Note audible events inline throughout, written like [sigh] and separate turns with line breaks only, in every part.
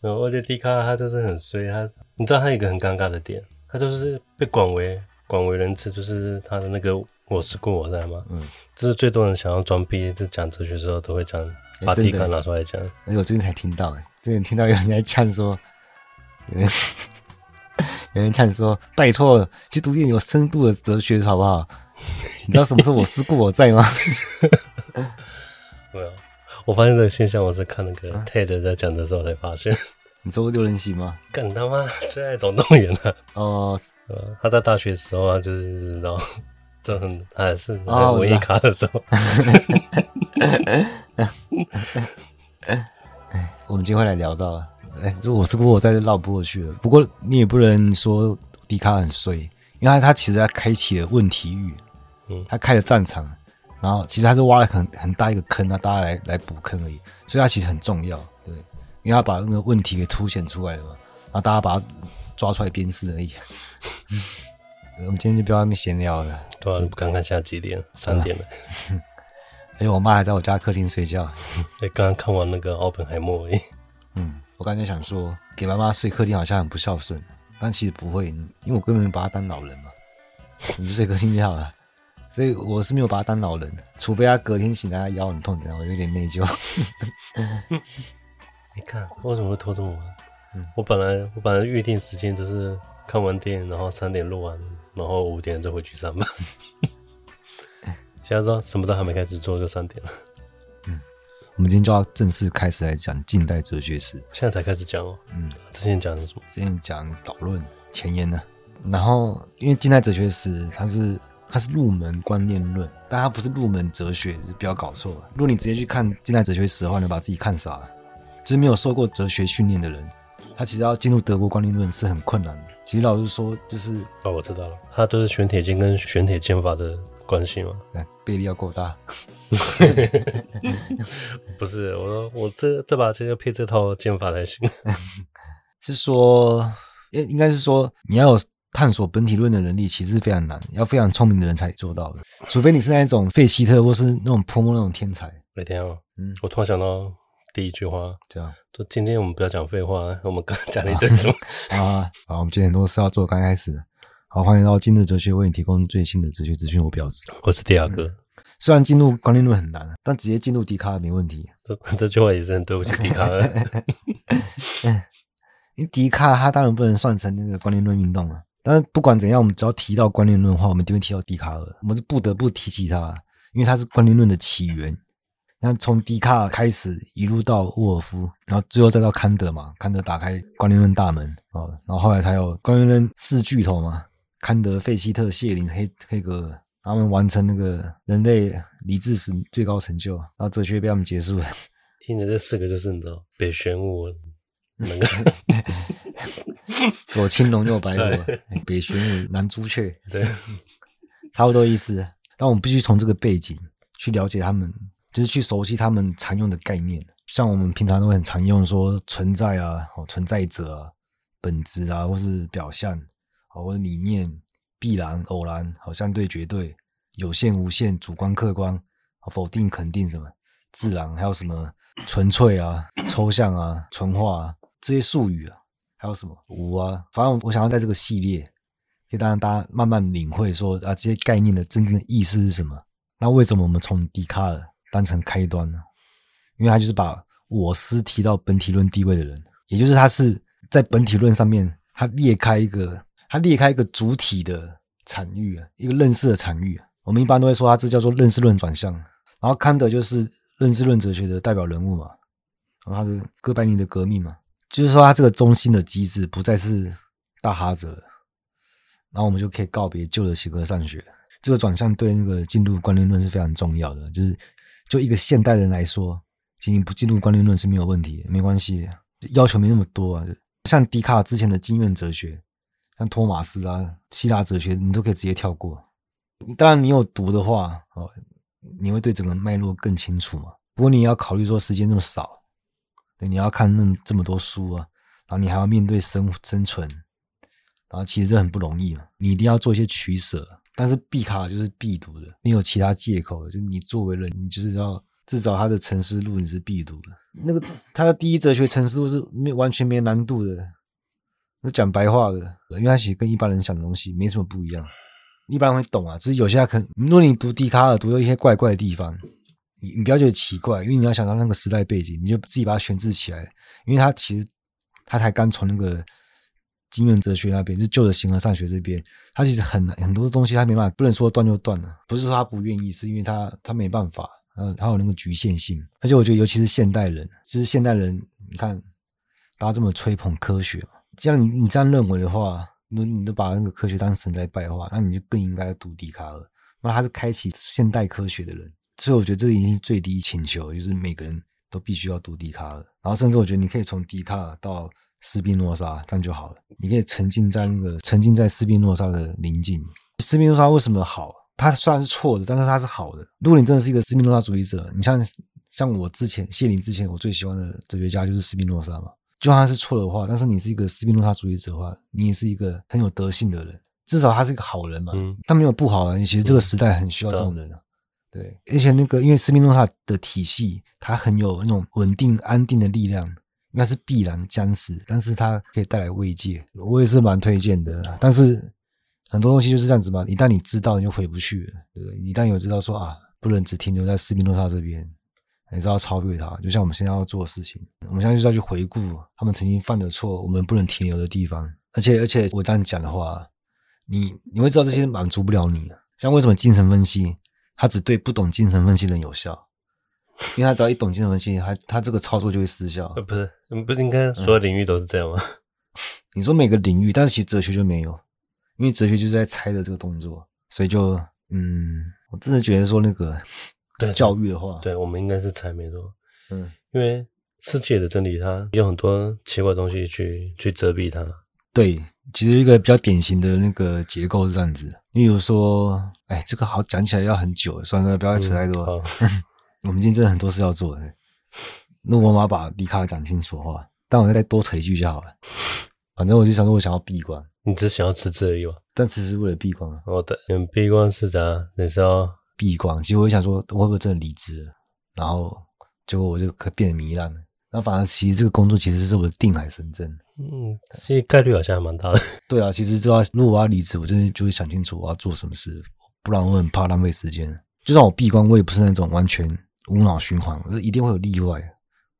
哦、而且笛卡他就是很衰，他你知道他有一個很尷尬的點，他就是被廣為廣為人知，就是他的那個我“我思故我在嗎”嘛。嗯，就是最多人想要裝逼就講哲學的時候都會講，把笛卡拿出來講。而
且、欸欸、我最近才聽到、欸，最近聽到有人在嗆說，有人嗆 [laughs] 說：“拜托，去讀點有深度的哲學好不好？”你知道什麼是“我思
故我在”嗎？ [laughs] [laughs] 沒有。我發現這個現象，我是看那個 Ted 在講的時候才發現、啊。你做過六人席嗎？干他媽最愛總動員了、啊。哦，他在大學的時候啊，就是知道這很啊是維一卡的時候、哦。
哎，我們今天來聊到，啊。哎，如果我是不是我在這繞不過去了？不過你也不能說笛卡爾很衰，因為他,他其實他開啟了問題域，嗯，他開了戰場。嗯然後其實他是挖了很很大一個坑，啊，那大家來來補坑而已，所以他其實很重要，對，因為他把那個問題給凸顯出來了嘛，然後大家把它抓出來鞭屍而已。 [laughs] [laughs] 我們今天就不要那麼閒聊了，嗯、對
啊，你看看下幾點，三點了。
而且、 [laughs] 欸、我媽還在我家客廳睡覺。誒、 [laughs] 欸、
剛剛看完那個 o p 奧本海默。 [laughs] 嗯，我剛才想說，
給媽媽睡客廳好像很不孝順，但其實不會，因為我根本沒把她當老人嘛，你就睡客廳就好了。 [laughs] 所以我是沒有把他當老人，除非他隔天醒來，他腰很痛，這樣我有點內疚、 [laughs] 嗯。
你看，
為什麼會拖這麼晚？嗯、我本來我本來預定時間就是看完電影，然後三點錄完，然後五點就回去上班。 [laughs] 現在說什麼都還沒開始做就三點了。嗯，
我們今天就要正式開始來講近代哲
學史。現在才開始講哦。嗯，之前講什麼？之前
講導論、前言呢，啊。然後因為近代哲學史它是。它是入門觀念論，但它不是入門哲學，就是不要搞錯。如果你直接去看近代哲學史的話，你把自己看傻了。就是沒有受過哲學訓練的人，他其實要進入德國觀念論是很困難的。其實老實說，
就是哦，我知道了，它都是玄鐵劍跟玄鐵劍法的關係嘛。對，臂力要夠大。 [laughs] [laughs] 不是，我說我這這把劍要配這套劍法才行。 [laughs] 是說，應應
該是說你要有。探索本體論的能力其實是非常難，要非常聰明的人才做到的。除非你是那種費希特，或是那種普莫那種天才。
每、哎、天、啊，哦，嗯，我突然想到第一句話。這樣，就今天我們不要講廢話，我們剛講了一堆什麼 [laughs]
啊？好，我們今天很多事要做，剛開始。好，歡迎到今日哲學為你提供最新的哲學資訊。我表示，我是第二個、嗯、雖然進入觀念論很難，但直接進入笛卡沒問題。
這這句話也是很對不起笛、哎、卡、哎哎哎、
因為笛卡他當然不能算成那個觀念論運動了、啊。但是不管怎樣，我們只要提到觀念論的話，我們就會提到笛卡爾。我們是不得不提起他，因為他是觀念論的起源。那從笛卡爾開始，一路到沃爾夫，然後最後再到康德嘛，康德打開觀念論大門啊、哦，然後後來才有觀念論四巨頭嘛，康德、費希特、謝林、黑黑格爾，他們完成那個人類理智史最高成就，然後哲學被他們結束了。
聽着這四個就是你知道北玄武。 [laughs] [laughs]
左青龍，右白虎，對北玄武，南朱雀，對， [laughs] 差不多意思。 [laughs] 但我們必須從這個背景去了解他們，就是去熟悉他們常用的概念。像我們平常都會很常用說存在啊，哦、存在者、啊、本質啊，或是表象，啊、哦、或者理念、必然、偶然，好像對絕對、有限、無限、主觀、客觀，哦、否定、肯定什麼自然，還有什麼純粹啊、抽象啊、純化啊這些術語啊。還有什麼無啊？反正我想要在這個系列，可以讓大家慢慢領會說啊，這些概念的真正的意思是什麼。那為什麼我們從笛卡爾當成開端呢？因為他就是把我思提到本體論地位的人，也就是他是在本體論上面，他裂開一個，他裂開一個主體的場域啊，一個認識的場域、啊。我們一般都會說他這叫做認識論轉向。然後康德就是認識論哲學的代表人物嘛，然後他是哥白尼的革命嘛。就是說，它這個中心的機制不再是大哈哲，然後我們就可以告別舊的形而上學。這個轉向對那個進度觀念論是非常重要的。就是，就一個現代人來說，進僅不進度觀念論是沒有問題，沒關係，要求沒那麼多啊。像笛卡爾之前的經院哲學，像托馬斯啊，希臘哲學，你都可以直接跳過。當然，你有讀的話，哦，你會對整個脈絡更清楚嘛。不過，你要考慮說，時間這麼少。你要看那麼這麼多書啊，然後你還要面對生生存，然後其實這很不容易嘛。你一定要做一些取舍，但是笛卡就是必讀的，沒有其他借口。就你作為人，你就是要至少他的《沉思錄》你是必讀的。那個他的第一哲學《沉思錄》是沒完全沒難度的，那講白話的，因為他寫跟一般人想的東西沒什麼不一樣，一般會懂啊。只、就是有些可能，如果你讀笛卡爾，讀到一些怪怪的地方。你你不要覺得奇怪，因為你要想到那個時代背景，你就自己把它詮釋起來。因為他其實他才剛從那個經驗哲學那邊，就是舊的形而上學這邊，他其實很很多東西他沒辦法，不能說斷就斷了。不是說他不願意，是因為他他沒辦法，然後還有那個局限性。而且我覺得，尤其是現代人，就是現代人，你看大家這麼吹捧科學，既然你你這樣認為的話，那你，你都把那個科學當神在拜的話，那你就更應該要讀笛卡爾，那他是開啟現代科學的人。所以我覺得這已經是最低請求，就是每個人都必須要讀笛卡爾，然後甚至我覺得你可以從笛卡爾到斯賓諾莎這樣就好了。你可以沉浸在那個沉浸在斯賓諾莎的寧靜裡。斯賓諾莎為什麼好？他雖然是錯的，但是他是好的。如果你真的是一個斯賓諾莎主義者，你像像我之前謝林之前，我最喜歡的哲學家就是斯賓諾莎嘛。就算是錯的話，但是你是一個斯賓諾莎主義者的話，你也是一個很有德性的人。至少他是一個好人嘛。他、嗯、沒有不好人，啊，你其實這個時代很需要、嗯、這種人。對，而且那個，因為斯賓諾莎的體系，它很有那種穩定、安定的力量。應該是必然僵死，但是它可以帶來慰藉。我也是蠻推薦的。但是很多東西就是這樣子嘛，一旦你知道，你就回不去了。對，一旦有知道說啊，不能只停留在斯賓諾莎這邊，你知道超越它。就像我們現在要做的事情，我們現在就要去回顧他們曾經犯的錯，我們不能停留的地方。而且而且，我這樣講的話，你你會知道這些滿足不了你。像為什麼精神分析？他只對不懂精神分析的人有效，因為他只要一懂精神分析，他
他這個操作就會失效。呃，不是，不是應該所有領域都是這樣嗎？嗯，
你說每個領域，但是其實哲學就沒有，因為哲學就是在猜的這個動作，所以就嗯，
我真的覺得說那個對教育的話，對我們應該是猜沒錯，嗯，因為世界的真理它有很多奇怪的東西去去遮蔽它。
對，其實一個比較典型的那個結構是這樣子。你比如說，哎，這個好講起來要很久，算了，不要扯太多。嗯、好 [laughs] 我們今天真的很多事要做。那我馬上把笛卡爾講清楚的話，但我再多扯一句就好了。反正我就想說，我
想要閉關，你只是想要辭職而已，但辭職但為了閉關。哦對、oh，閉關是啥？你說
閉關。其實我就想說，我會不會真的離職？然後結果我就可變得糜爛了。那反正其實這個工作其實是我的定海神針。
嗯，其實概率好像還蠻大的。
對啊，其實這，要如果我要離職，我真的就會想清楚我要做什麼事，不然我很怕浪費時間。就算我閉關，我也不是那種完全無腦循環，我一定會有例外。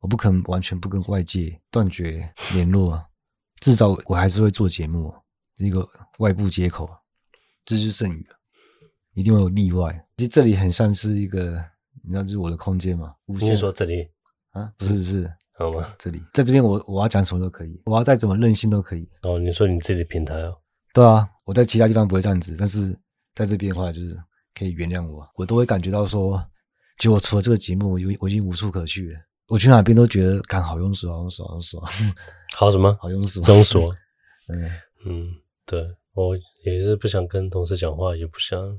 我不可能完全不跟外界斷絕聯絡， [laughs] 至少我還是會做節目，一個外部接口。這就是剩餘，一定會有例外。其實這裡很像是一個，你知道這是我的空間嗎？我先說這裡啊？不是，不是。 [laughs] 懂嗎？這裡在這邊我，我我要講什麼都可以，我要再怎麼任性都可以。
哦，你說你自己的平台哦？對
啊，我在其他地方不會這樣子，但是在這邊的話，就是可以原諒我，我都會感覺到說，其實我除了這個節目，我我已經無處可去了，我去哪邊都覺得剛好庸俗、好庸俗、好庸俗，好庸俗，好什麼？好庸俗、庸俗。 [laughs] 嗯嗯，
對我也是不想跟同事講話，也不想。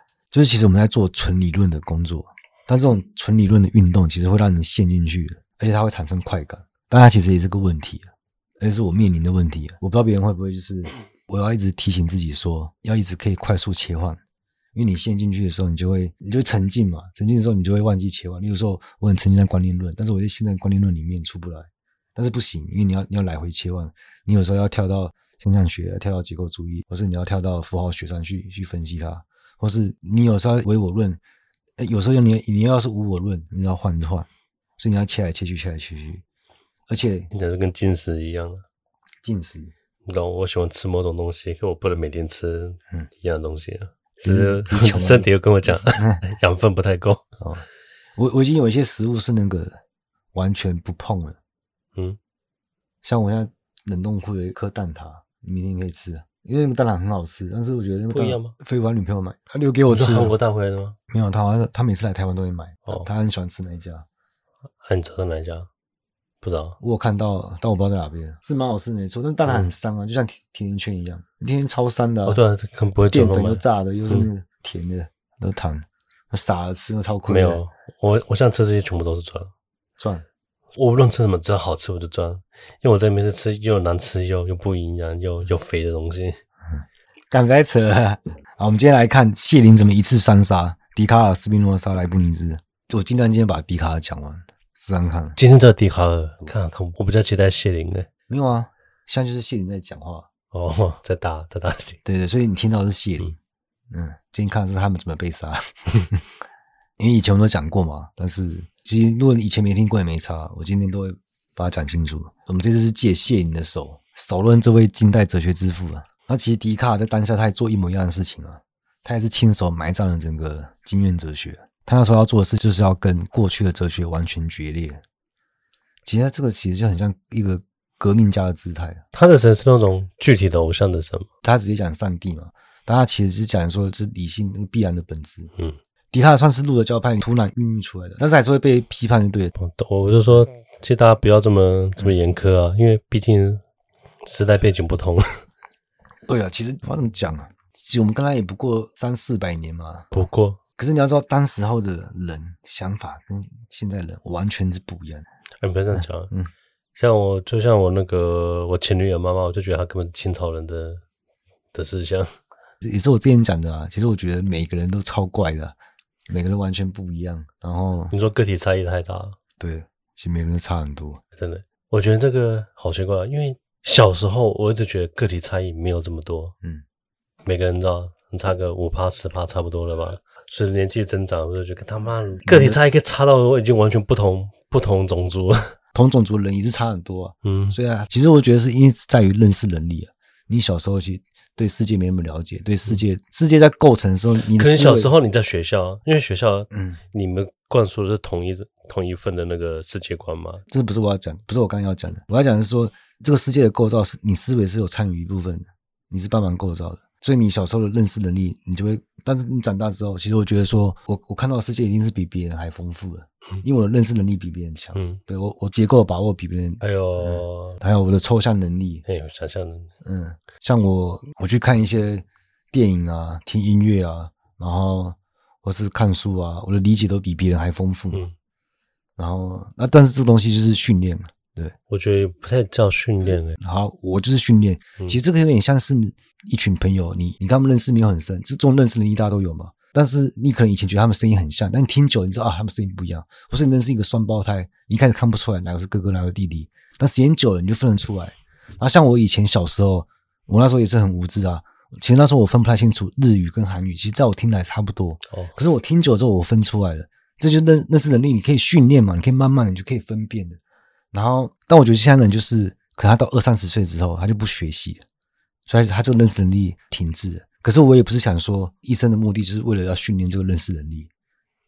就是其
實我們在做純理論的工作，但這種純理論的運動其實會讓你陷進去，而且它會產生快感，但它其實也是個問題，而且是我面臨的問題。我不知道別人會不會就是我要一直提醒自己說，要一直可以快速切換，因為你陷進去的時候，你就會你就會沉浸嘛，沉浸的時候你就會忘記切換。你有時候我很沉浸在觀念論，但是我就陷在觀念論裡面出不來。但是不行，因為你要你要來回切換，你有時候要跳到現象學，跳到結構主義，或是你要跳到符號學上去去分析它。或是你有時候要唯我論誒，有時候你你要是無我論，你要換的話，所以你要切來切去，切來切去。
而且，你簡直跟進食一樣。進食，你知道我喜歡吃某種東西，可我不能每天吃一樣的東西啊。只是身體又跟我講， [laughs] 養分不太夠。哦，
我我已經有一些食物是那個完全不碰了。嗯，像我現在冷凍庫有一顆蛋撻，你明天可以吃。因為那個蛋撻很好吃，但是我覺得那個不一樣嗎？非把女朋友買，她留給我吃的。他帶回來嗎？沒有，他好像他每次來台灣都會買。哦，他很喜歡吃哪一家？
很值的哪一家？
不知道。我有看到，嗯、但我不知道在哪邊。是蠻好吃沒錯，但蛋撻很香啊，嗯、就像甜甜圈一樣，甜甜超
酸的、啊。哦，對、啊，可能不會轉，又炸的，嗯、又是甜的，那糖傻了吃，超虧。沒有，我我現在吃這些全部都是賺，賺。我無論吃什麼，只要好，好吃我就賺。因為我在裡邊是吃又難吃又又不營養又又肥的東西，
趕快扯了。好，我們今天來看謝林怎麼一次三殺，笛卡爾、斯賓諾莎、萊布尼茲。我盡量今天把笛卡爾講完，試試看，看。
今天這笛卡爾，看、啊、看，我比較期待謝林的、
欸、沒有啊，現在就是謝林在講話。哦，在打，在打誰？對，對對，所以你聽到的是謝林。嗯，嗯，今天看的是他們怎麼被殺。 [laughs] 因為以前我們都講過嘛，但是其實如果你以前沒聽過也沒差，我今天都會把它講清楚。我們這次是借謝林的手，手撕這位近代哲學之父啊。那其實笛卡爾在當下他也做一模一樣的事情啊，他也是親手埋葬了整個經驗哲學。他那時候要做的事就是要跟過去的哲學完全決裂。其實他這個其實就很像一個革命家的姿態。
他的神是那種具體的偶像的神，他直接
講上帝嘛，但他其實是講說是理性那個必然的本質，嗯。笛卡算是路德教派突然孕育出來的，
但是還是會被批判對、嗯。我就說，其實大家不要這麼這麼嚴苛啊，嗯、因為畢竟時代背景不同。嗯、
對啊，其實話怎麼講啊？其實我們剛才也不過三四百年嘛，不過，可是你要知道，當時候的人想法跟現在人完全是不一樣。哎，不要這樣講、啊，嗯，
像我，就像我那個我前女友媽媽，我就覺得她根本清朝人的的思想，
也是我之前講的啊。其實我覺得每一個人都超怪的、啊。每個人完全
不一樣，然後你說個體差異太大，對，其實每個人差很多，真的。我覺得這個好奇怪，因為小時候我一直覺得個體差異沒有這麼多，嗯，每個人知道，差個五趴十趴差不多了吧？隨着、嗯、年紀的增長，我就覺得他媽、嗯、個體差異可以差到我已經完全不同不同種族，同種族的人也是差很多、啊，嗯。所以啊，
其實我覺得是因為在於認識能力啊，你小時候去。對世界沒那麼了解，對世界、嗯、世界在構成的時候你的，可能小時
候你在學校，因為學校，嗯，你們灌輸的是同一、嗯、同一份的那個世界觀嘛。
這不是我要講，不是我剛剛要講的，我要講的是說，這個世界的構造是，你思維是有參與一部分的，你是幫忙構造的，所以你小時候的認識能力，你就會，但是你長大之後，其實我覺得說我，我我看到的世界一定是比別人還豐富的，嗯、因為我的認識能力比別人強，嗯，對我我結構把握比別人，
還有、哎呦嗯、還
有我的抽象能力，
還有、哎、呦想象能力，
嗯。像我，我去看一些電影啊，聽音樂啊，然後或是看書啊，我的理解都比別人還豐富。嗯、然後，那、啊、但是這東西就是訓練，對，我覺得不太叫訓練、欸、然後，我就是訓練。嗯、其實這個有點像是一群朋友，你你跟他們認識沒有很深，這種認識的人一大都有嘛。但是你可能以前覺得他們聲音很像，但你聽久了你，你知道啊，他們聲音不一樣。不是你認識一個雙胞胎，你一開始看不出來哪個是哥哥，哪個弟弟。但時間久了，你就分得出來。然後、啊、像我以前小時候。我那時候也是很無知啊，其實那時候我分不太清楚日語跟韓語，其實在我聽來差不多。哦，可是我聽久了之後，我分出來了，這就認認認識能力，你可以訓練嘛，你可以慢慢你就可以分辨的。然後，但我覺得現在人就是，可能他到二三十歲之後，他就不學習了，所以他這個認識能力停滯了。可是我也不是想說，醫生的目的就是為了要訓練這個認識能力，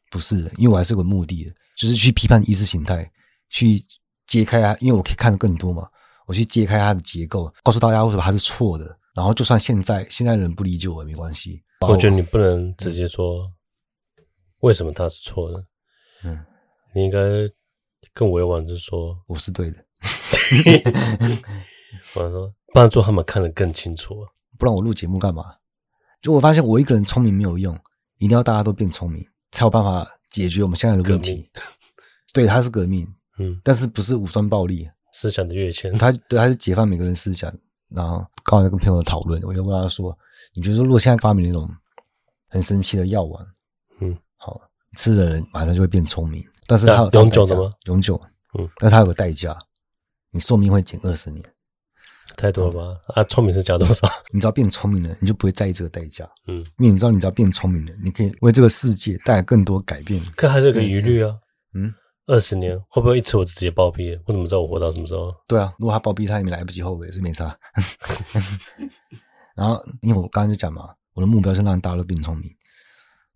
不是，因為我還是有個目的，就是去批判意識形態，去揭開啊，因為我可以看得更多嘛。我去揭開它的結構，告訴大家為什麼它是錯的。然後，就算現在現在的人不理解我，也沒關係。我覺得你不
能直接說為什麼它是錯的。嗯，你應該更委婉的是說我是對的。 [laughs] [laughs] 我說幫助他們看得更清楚，
不然我錄節目幹嘛？就我發現我一個人聰明沒有用，一定要大家都變聰明，才有辦法解決我們現在的問題。革命。 [laughs] 對，它是革命，嗯，但是不是武裝暴力。
思想的躍遷，他
對他是解放每個人思想，然後剛好跟朋友討論，我就問他說：“你覺得如果現在發明那種很神奇的藥丸，嗯，好吃的人馬上就會變聰明，但是它有、啊、永久的嗎？永久，嗯，但是它有個代價，你壽命會減二十年，太多了吧？嗯、啊，聰明是加多少？你知道變聰明了，你就不會在意這個代價，嗯，因為你知道，你只要變聰明了，你可以為這個世界帶來更多改
變，可還是有個疑慮啊，嗯。”二十年會不會一吃我就直接暴斃？我怎麼知道我活到什麼時候啊？對啊，如果他暴斃，他也沒來不及後悔，是沒差。 [laughs] [laughs] [laughs] 然後因為
我剛才就講嘛，我的目標是讓大家都變聰明。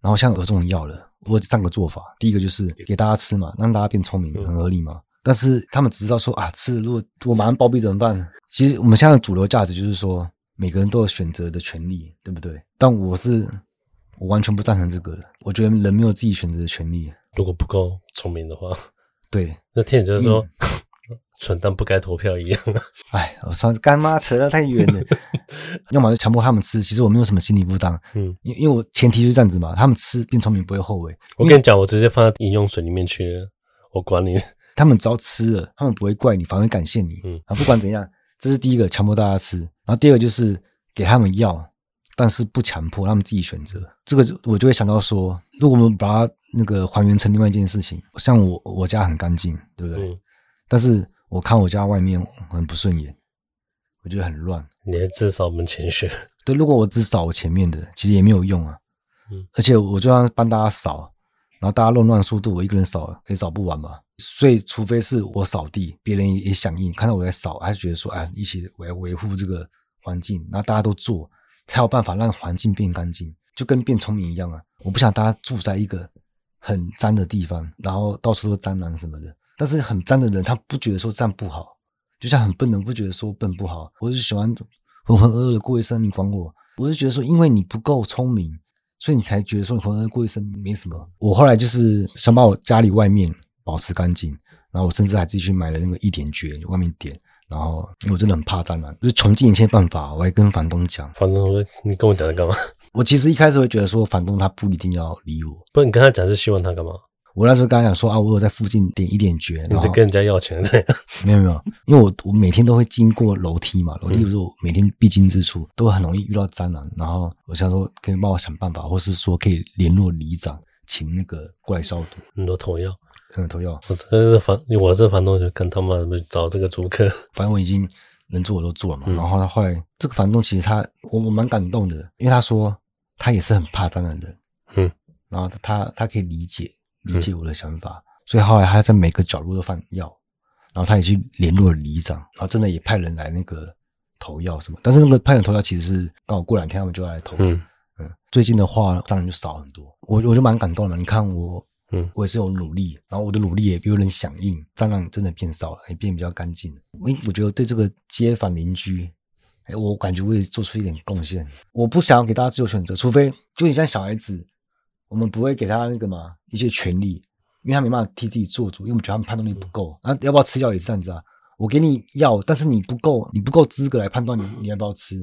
然後像有這種藥的，我有三個做法，第一個就是給大家吃嘛，讓大家變聰明，很合理嘛。嗯、但是他們只知道說啊，吃。如果我馬上暴斃怎麼辦？其實我們現在的主流價值就是說，每個人都有選擇的權利，對不對？但我是我完全不贊成這個的。我覺得人沒有自己選擇的
權利。如果不夠聰明的話，對，那天也就是說，蠢蛋，嗯、不該投票一樣。
哎，我算乾媽
扯得太遠
了。 [laughs] 要麼就強迫他們吃，其實我沒有什麼心理負擔。嗯，因因為我前提就是這樣子嘛，他們吃變聰明不會後悔。我跟你講，
為我直接放在飲用水裡面去。我管你，他們只要吃了，他們不會怪你，反而會
感謝你。嗯，啊，不管怎樣，這是第一個強迫大家吃，然後第二個就是給他們藥。但是不強迫他們自己選擇，這個我就會想到說，如果我們把它那個還原成另外一件事情，像我我家很乾淨，對不對？嗯、但是我看我家外面很不順眼，我覺得很亂。你
還自掃門前雪？對，
如果我只掃我前面的，其實也沒有用啊。嗯、而且我就算幫大家掃，然後大家亂亂速度，我一個人掃也掃不完嘛。所以除非是我掃地，別人也響應，看到我在掃，還是覺得說，哎，一起維維護這個環境，然後大家都做。才有辦法讓環境變乾淨，就跟變聰明一樣啊！我不想大家住在一個很髒的地方，然後到處都蟑螂什麼的。但是很髒的人，他不覺得說這樣不好，就像很笨的人不覺得說笨不好。我就喜歡渾渾噩噩的過一生，你管我？我就覺得說，因為你不夠聰明，所以你才覺得說渾渾噩噩過一生沒什麼。我後來就是想把我家裡外面保持乾淨，然後我甚至還自己買了那個一點絕，就外面點。然後，我真的很怕蟑螂，就是窮盡一切辦法，我還跟房東講。房東說：“
你跟我講在幹嘛？”
我其實一開始會覺得說，房東他不一定要理我。不，你跟他講是希望他幹嘛？我那時候跟他講說啊，我有在附近點一點絕。然後你就跟人家要錢這樣？沒有沒有，因為我我每天都會經過樓梯嘛， [laughs] 樓梯是我每天必經之處，都很容易遇到蟑螂。然後我想說，可以幫我想辦法，或是說可以聯絡里長，請那個過來
消毒。那同樣。看投藥，我這房我這房東，就跟他媽什麼找這個租客。反正我已經能做我都做了嘛。嗯、然後他後來這個房東其實他我我蠻感
動的，因為他說他也是很怕蟑螂的嗯。然後他他，他可以理解理解我的想法，嗯、所以後來他在每個角落都放藥，然後他也去聯絡了里長，然後真的也派人來那個投藥什麼。但是那個派人投藥其實是剛好過兩天他們就來投。嗯嗯。最近的話蟑螂就少很多，我我就蠻感動的。你看我。嗯，我也是有努力，然後我的努力也有人響應，蟑螂真的變少了，也、哎、變比較乾淨了。我我覺得對這個街坊鄰居，哎，我感覺我也做出一點貢獻。我不想要給大家自由選擇，除非就你像小孩子，我們不會給他那個嘛一些權利，因為他沒辦法替自己做主，因為我們覺得他們判斷力不夠。那、嗯、要不要吃藥也是這樣子啊？我給你藥，但是你不夠，你不夠資格來判斷你，你要不要吃？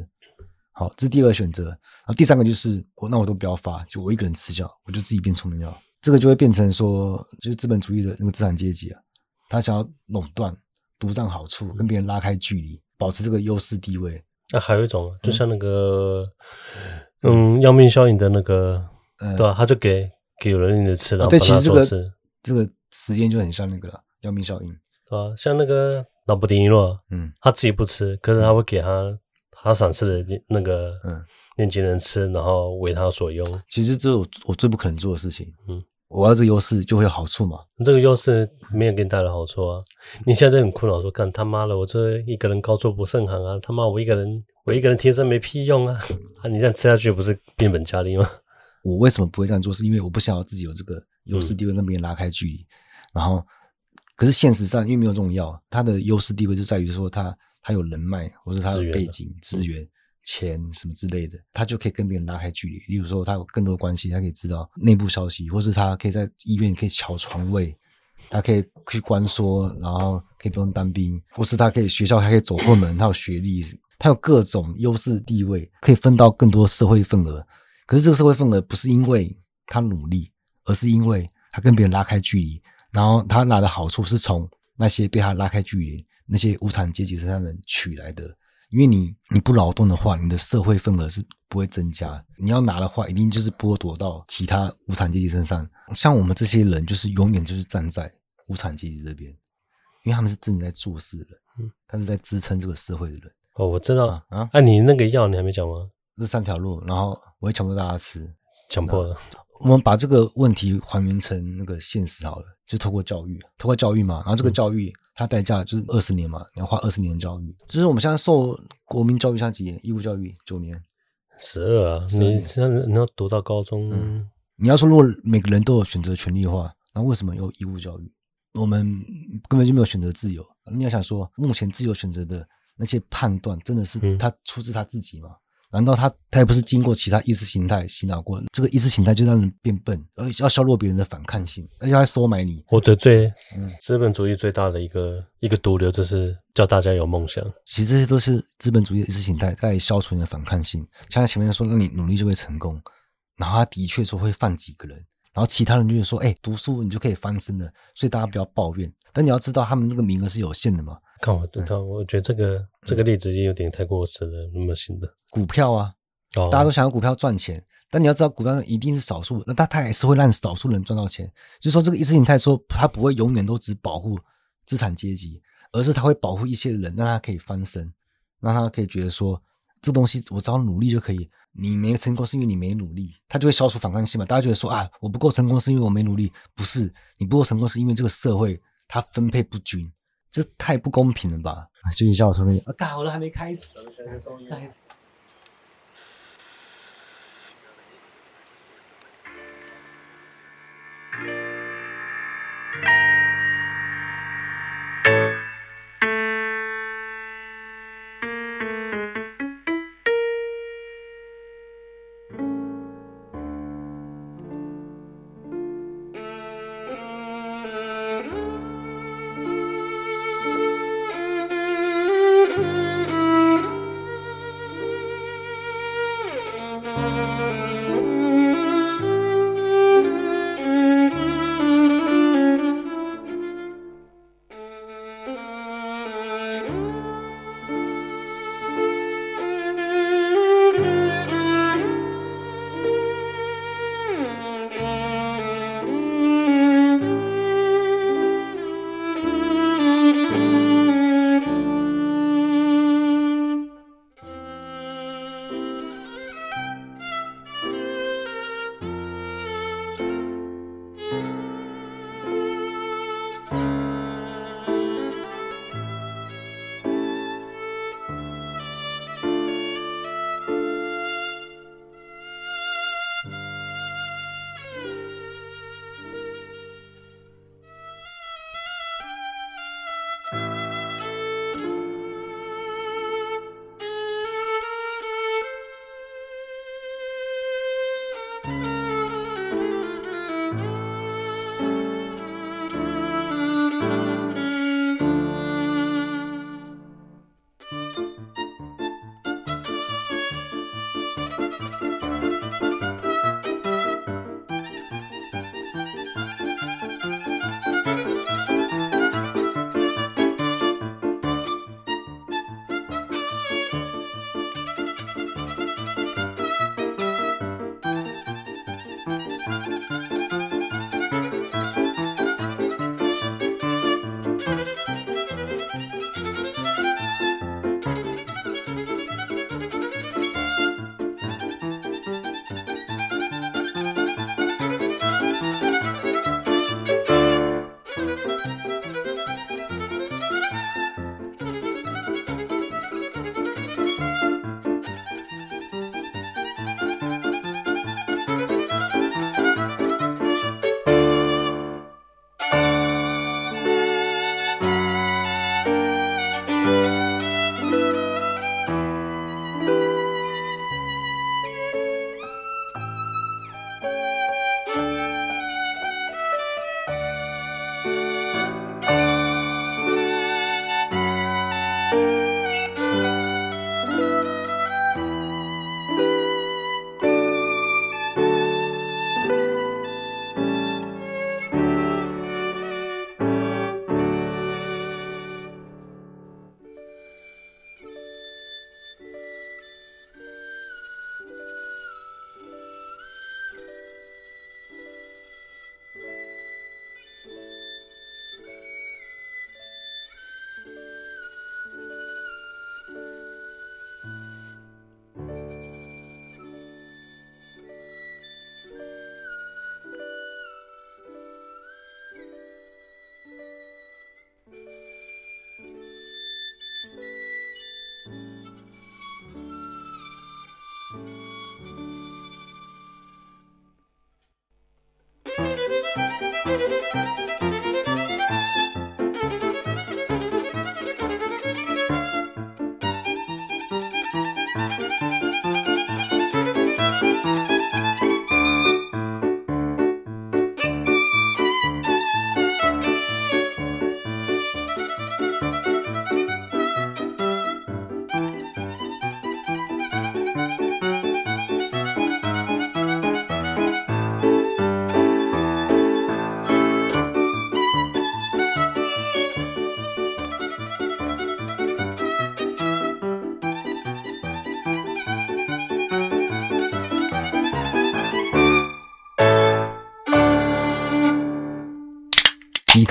好，這是第二個選擇，然後第三個就是我那我都不要發，就我一個人吃藥，我就自己變聰明藥。這個就會變成說，就是資本主義的那個資產階級啊，他想要壟斷、獨佔好處，跟別人拉開距離，保持這個優勢地位。
那、啊、還有一種，就像那個，嗯，嗯，藥命效應的那個，嗯、對啊，他就給給有能力的吃了、哦，對，其實這個這個
時間就很像那個藥命效應，對啊，
像那個老布丁伊諾，嗯，他自己不吃，可是他會給他他賞賜的那個嗯年輕人吃，然後為他所用。嗯、其實這是我，我最不可能做的事情，嗯。我要這優勢，就會有好處嘛？這個優勢沒有給你帶來好處啊！嗯、你現在就很困擾，說看他媽的，我這一個人高處不勝寒啊！他媽我一個人，我一個人天生沒屁用啊！啊， [laughs] 你這樣吃下去不是變本加厲嗎？嗯、我為什麼不會這樣做？是因為我不想要自己有這個優勢
地位，那邊拉開距離。嗯、然後，可是現實上又沒有這種藥，他的優勢地位就在於說他他有人脈，或者他的背景資源。錢什麼之類的，他就可以跟別人拉開距離。例如說，他有更多關係，他可以知道內部消息，或是他可以在醫院可以喬床位，他可以去關說，然後可以不用當兵，或是他可以學校還可以走後門，他有學歷，他有各種優勢地位，可以分到更多社會份額。可是這個社會份額不是因為他努力，而是因為他跟別人拉開距離，然後他拿的好處是從那些被他拉開距離、那些無產階級身上人取來的。因為你你不勞動的話，你的社會份額是不會增加。你要拿的話，一定就是剝奪到其他無產階級身上。像我們這些人，就是永遠就是站在無產階級這邊，因為他們是正在做事的，嗯，
他是在支撐這個社會的人。哦，我知道啊。那、啊啊、你那個藥你還沒講嗎？這三條路，然後我也強迫大家吃，強迫
了。我們把這個問題還原成那個現實好了，就透過教育，透過教育嘛。然後這個教育。嗯他代價就是二十年嘛，你要花二十年的教育。就是我們現在受國民教育上幾年，義務教育九年，十二啊，你
現在你要讀到高中，嗯。
你要說如果每個人都有選擇權利的話，嗯、那為什麼有義務教育？我們根本就沒有選擇自由。你要想說，目前自由選擇的那些判斷，真的是他出自他自己嗎？嗯難道他他也不是經過其他意識形態洗腦過？這個意識形態就讓人變笨，而要削弱別人的反抗
性，而要來收買你。我覺得最，嗯，資本主義最大的一個一個毒瘤就是教大家有夢想。
其實這些都是資本主義的意識形態在消除你的反抗性。像前面說，讓你努力就會成功，然後他的確說會放幾個人，然後其他人就會說，哎，讀書你就可以翻身了。所以大家不要抱怨，但你要知道，他們那個名額是有限的嘛。看我，對
頭，我覺得這個、嗯、這個例子已經有點太過時了，那麼新的股票啊，
大家都想要股票賺錢，哦、但你要知道，股票一定是少數，那他它也是會讓少數人賺到錢。就是說，這個意識形態說，它不會永遠都只保護資產階級，而是他會保護一些人，讓他可以翻身，讓他可以覺得說，這東西我只要努力就可以。你沒成功是因為你沒努力，他就會消除反抗性嘛？大家覺得說啊，我不夠成功是因為我沒努力，不是你不夠成功是因為這個社會它分配不均。這太不公平了吧！就一下我說的，啊，搞了還沒開始。嗯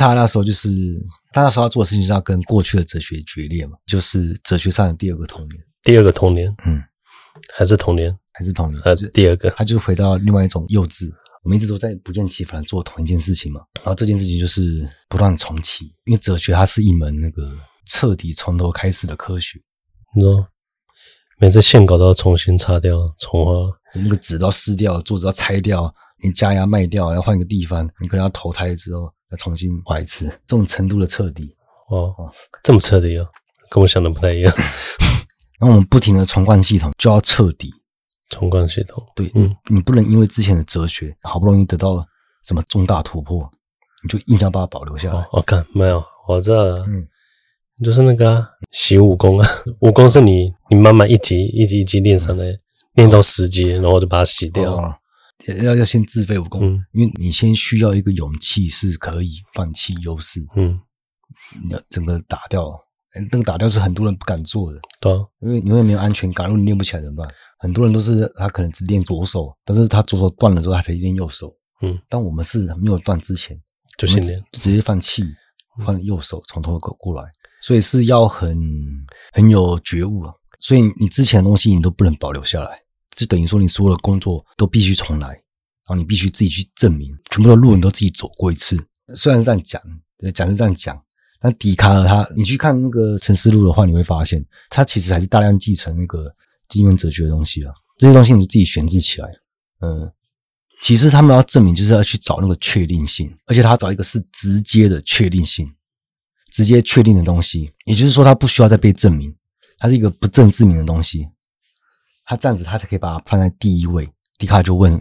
他那時候就是，他那時候要做的事情就是要跟過去的哲學決裂嘛，就是哲學上的第二個童年，第二個童年，嗯，還是童年，還是童年，還是第二個，他就回到另外一種幼稚。我們一直都在不厭其煩做同一件事情嘛，然後這件事情就是不斷重啟，因為哲學它是一門那個徹底從頭開始的科學。你
知道，每次線稿都要重新擦掉，重畫，
那個紙都要撕掉，桌子要拆掉，你家要賣掉，要換個地方，你可能要投胎之後。重新畫一次，這種程度的徹底哦，這麼徹底哦，啊，
跟我想的不太一樣。
[laughs] 那我們不停的重灌系統，就要徹底重灌系統。對，嗯，你不能因為之前的哲學好不容易得到什麼重大突破，
你就硬要把它保留下來。我看，哦哦，沒有，我知道了嗯，就是那個，啊、洗武功啊，武功是你你慢慢一級一級一級練上來，練，嗯、到十級，然後就把它洗掉。哦
要要先自廢武功，嗯、因為你先需要一個勇氣，是可以放棄優勢。嗯，你要整個打掉，那個打掉是很多人不敢做的。對、啊，因為你會沒有安全感，如果你練不起來怎麼辦？很多人都是他可能只練左手，但是他左手斷了之後，他才練右手。嗯，但我們是沒有斷之前就直接直接放棄，換右手從頭過過來，所以是要很很有覺悟啊。所以你之前的東西，你都不能保留下來。就等於說，你所有的工作都必須重來，然後你必須自己去證明，全部的路人都自己走過一次。雖然是這樣講，對，講是這樣講，但笛卡爾他，你去看那個沉思錄的話，你會發現，他其實還是大量繼承那個經驗哲學的東西啊。這些東西你就自己選擇起來，嗯，其實他們要證明，就是要去找那個確定性，而且他找一個是直接的確定性，直接確定的東西，也就是說，他不需要再被證明，它是一個不證自明的東西。他這樣子，他才可以把它放在第一位。笛卡爾就問：“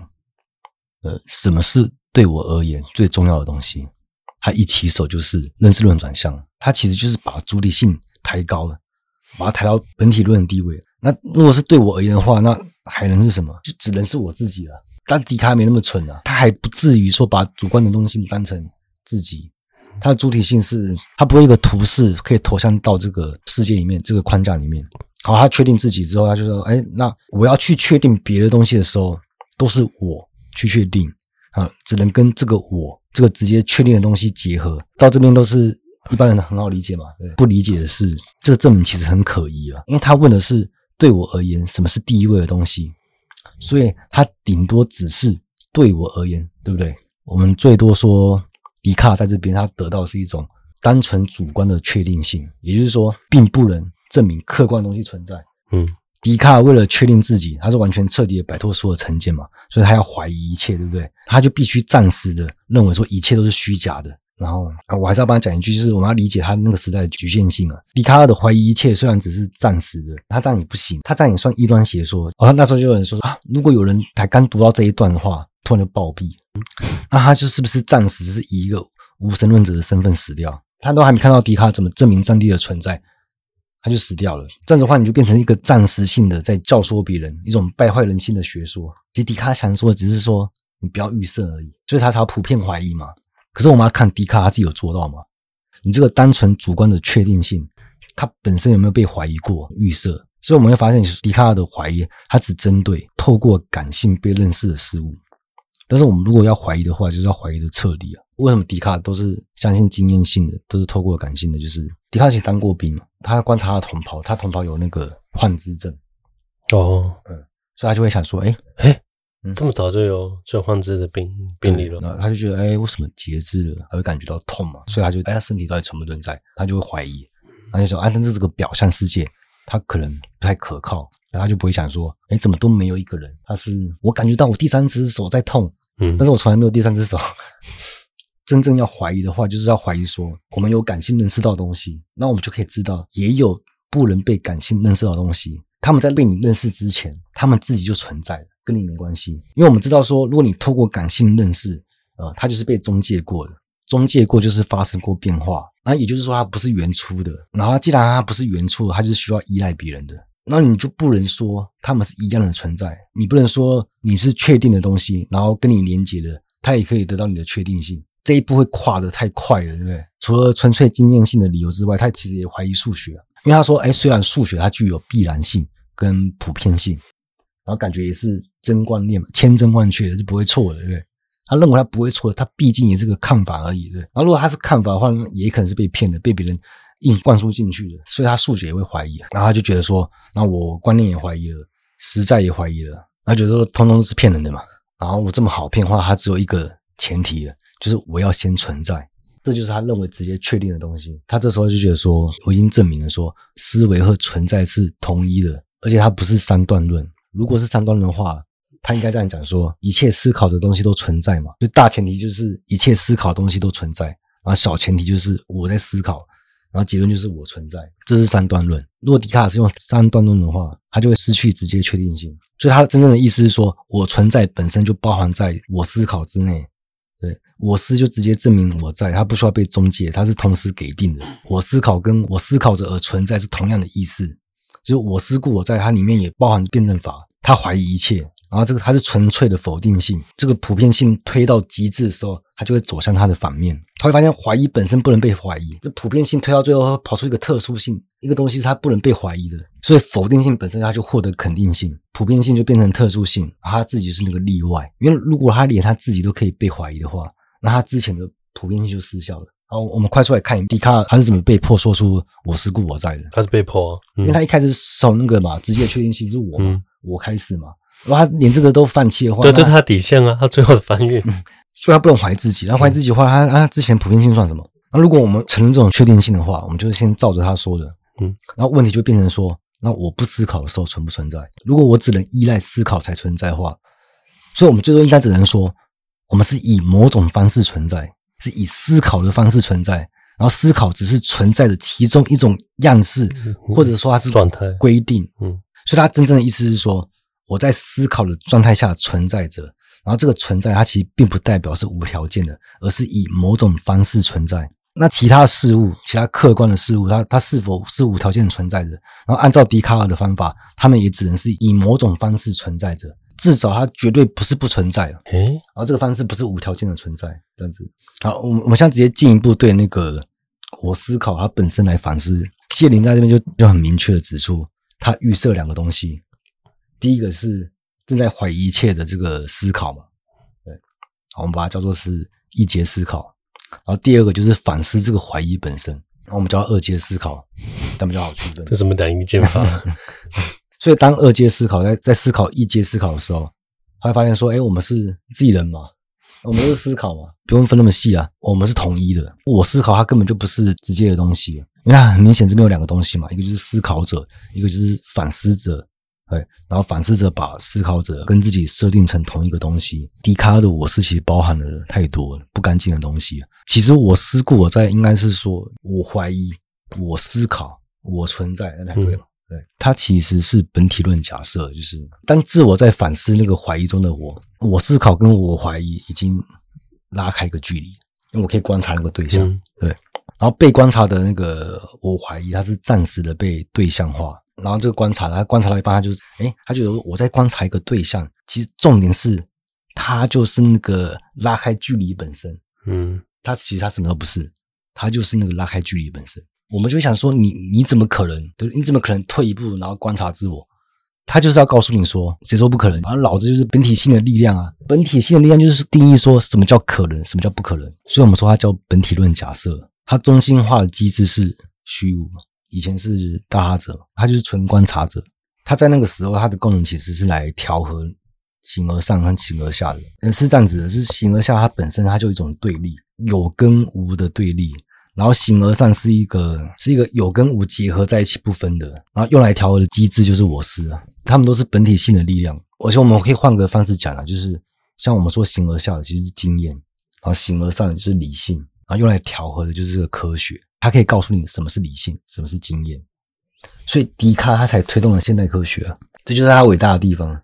呃，什麼是對我而言最重要的東西？”他一起手就是認識論轉向，他其實就是把主體性抬高了，把它抬到本體論的地位。那如果是對我而言的話，那還能是什麼？就只能是我自己了。但笛卡爾沒那麼蠢啊，他還不至於說把主觀的東西當成自己。他的主體性是，他不會一個圖示可以投向到這個世界裡面，這個框架裡面。好，他確定自己之後，他就說：“哎、欸，那我要去確定別的東西的時候，都是我去確定啊，只能跟這個我這個直接確定的東西結合。到這邊都是一般人很好理解嘛。對嗯，不理解的是，這個證明其實很可疑了，啊，因為他問的是對我而言什麼是第一位的東西，所以他頂多只是對我而言，對不對？我們最多說笛卡在這邊，他得到的是一種單純主觀的確定性，也就是說，並不能。”證明客觀的東西存在，
嗯，
笛卡爾為了確定自己，他是完全徹底的擺脫所有成見嘛，所以他要懷疑一切，對不對？他就必須暫時的認為說一切都是虛假的，然後啊，我還是要幫他講一句，就是我們要理解他那個時代的局限性啊。笛卡爾的懷疑一切雖然只是暫時的，他這樣也不行，他這樣也算異端邪說，哦。他那時候就有人說說，啊，如果有人才剛讀到這一段的話，突然就暴斃，那他就是不是暫時是以一個無神論者的身份死掉？他都還沒看到笛卡爾怎麼證明上帝的存在。他就死掉了，這樣子的話，你就變成一個暫時性的在教唆別人一種敗壞人性的學說。其實笛卡爾想說的只是說你不要預設而已。所以他才普遍懷疑嘛。可是我們要看笛卡爾他自己有做到嗎？你這個單純主觀的確定性，它本身有沒有被懷疑過預設？所以我們會發現，笛卡爾的懷疑，他只針對透過感性被認識的事物。但是我們如果要懷疑的話，就是要懷疑的徹底啊。為什麼笛卡爾都是相信經驗性的，都是透過感性的？就是笛卡爾其實當過兵嘛。他觀察他的同袍，他同袍有那個幻肢症，哦，oh. 嗯，所以他就會想說，哎、欸、哎，欸
嗯、這麼早就有有幻肢的病病例了，那他就覺得，哎、欸，為什麼截肢
了還會感覺到痛嘛？所以他就哎，欸、他身體到底存不存在？他就會懷疑，他就說，哎、啊，但是這個表象世界，他可能不太可靠，然後他就不會想說，哎、欸，怎麼都沒有一個人，他是我感覺到我第三隻手在痛，嗯，但是我從來沒有第三隻手。 [laughs] 真正要懷疑的話，就是要懷疑說我們有感性認識到的東西，那我們就可以知道也有不能被感性認識到的東西。他們在被你認識之前，他們自己就存在，跟你沒關係。因為我們知道說，如果你透過感性認識，呃，他就是被中介過的，中介過就是發生過變化。那也就是說，他不是原初的。然後，既然他不是原初的，他就是需要依賴別人的。那你就不能說他們是一樣的存在，你不能說你是確定的東西，然後跟你連接的，他也可以得到你的確定性。這一步會跨得太快了，對不對？除了純粹經驗性的理由之外，他其實也懷疑數學了，因為他說：“哎、欸，雖然數學它具有必然性跟普遍性，然後感覺也是真觀念嘛，千真萬確的，是不會錯的，對不對？”他認為他不會錯的，他畢竟也是個看法而已，對不對？然後如果他是看法的話，也可能是被騙的，被別人硬灌輸進去的，所以他數學也會懷疑，然後他就覺得說：“那我觀念也懷疑了，實在也懷疑了，那覺得說通通都是騙人的嘛？然後我這麼好騙的話，他只有一個前提了。”就是我要先存在，這就是他認為直接確定的東西。他這時候就覺得說，我已經證明了說，思維和存在是同一的，而且它不是三段論。如果是三段論的話，他應該這樣講說：一切思考的東西都存在嘛？就大前提就是一切思考的東西都存在，然後小前提就是我在思考，然後結論就是我存在。這是三段論。若笛卡爾是用三段論的話，他就會失去直接確定性。所以，他真正的意思是說我存在本身就包含在我思考之內。對，我思就直接證明我在，他不需要被中介，他是同時給定的。我思考跟我思考着而存在是同樣的意思，就是我思故我在，它裡面也包含辯證法，他懷疑一切。然後這個它是純粹的否定性，這個普遍性推到極致的時候，它就會走向它的反面。他會發現懷疑本身不能被懷疑，這普遍性推到最後它跑出一個特殊性，一個東西是它不能被懷疑的，所以否定性本身它就獲得肯定性，普遍性就變成特殊性，它自己是那個例外。因為如果他連他自己都可以被懷疑的話，那他之前的普遍性就失效了。然後我們快速來看一看笛卡爾他是怎麼被迫說出我思故我在的。他是被迫、啊，嗯、因為他一開始從那個嘛直接的確定性是我，嘛、嗯，我開始嘛。如果他連這個都放棄的
話，對，這他是他底線啊，他最後的翻越， [laughs] 所以他不能懷疑自己。他懷疑自己的
話，嗯、他他之前普遍性算什麼？那如果我們承認這種確定性的話，我們就是先照着他說的，嗯。然後問題就變成說，那我不思考的時候存不存在？如果我只能依賴思考才存在的話，所以我們最終應該只能說，我們是以某種方式存在，是以思考的方式存在，然後思考只是存在的其中一種樣式，嗯嗯或者說它是狀態規定，嗯。所以他真正的意思是說。我在思考的狀態下存在着，然後這個存在它其實並不代表是無條件的，而是以某種方式存在。那其他事物、其他客觀的事物，它它是否是無條件存在的？然後按照笛卡爾的方法，他們也只能是以某種方式存在着，至少它絕對不是不存在。誒，然後這個方式不是無條件的存在，這樣子。好，我們我們現在直接進一步對那個我思考它本身來反思。謝林在這邊就就很明確的指出，他預設兩個東西。第一個是正在懷疑一切的這個思考嘛，對，我們把它叫做是一階思考。然後第二個就是反思這個懷疑本身，我們叫二階思考，但比較好區分。這什麼等印劍法？所以當二階思考在在思考一階思考的時候，他會發現說，哎，我們是自己人嘛，我們是思考嘛，不用分那麼細啊，我們是統一的。我思考，它根本就不是直接的東西。你看很明顯，這邊有兩個東西嘛，一個就是思考者，一個就是反思者。對，然後反思者，把思考者跟自己設定成同一個東西。笛卡爾的我是其實包含了太多了不乾淨的東西。其實我思故我在，應該是說我懷疑，我思考，我存在，那才對，對，它其實是本體論假設，就是當自我在反思那個懷疑中的我，我思考跟我懷疑已經拉開一個距離，因為我可以觀察那個對象。嗯、對，然後被觀察的那個我懷疑，它是暫時的被對象化。然後這個觀察，他觀察到一半，他就是，誒他覺得我在觀察一個對象。其實重點是，他就是那個拉開距離本身。嗯，他其實他什麼都不是，他就是那個拉開距離本身。我們就想說你，你你怎麼可能？對，對，你怎麼可能退一步然後觀察自我？他就是要告訴你說，誰說不可能？然後老子就是本體性的力量啊！本體性的力量就是定義說什麼叫可能，什麼叫不可能。所以我們說它叫本體論假設，它中心化的機制是虛無嘛。以前是大他者，他就是純觀察者。他在那個時候，他的功能其實是來調和形而上和形而下的。嗯，是這樣子的，是形而下，它本身它就一種對立，有跟無的對立。然後形而上是一個，是一個有跟無結合在一起不分的。然後用來調和的機制就是我思。他們都是本體性的力量。而且我們可以換個方式講啊，就是像我們說形而下的其實是經驗，然後形而上的就是理性，然後用來調和的就是這個科學。他可以告訴你什麼是理性，什麼是經驗，所以笛卡他才推動了現代科學，這就是他偉大的地方。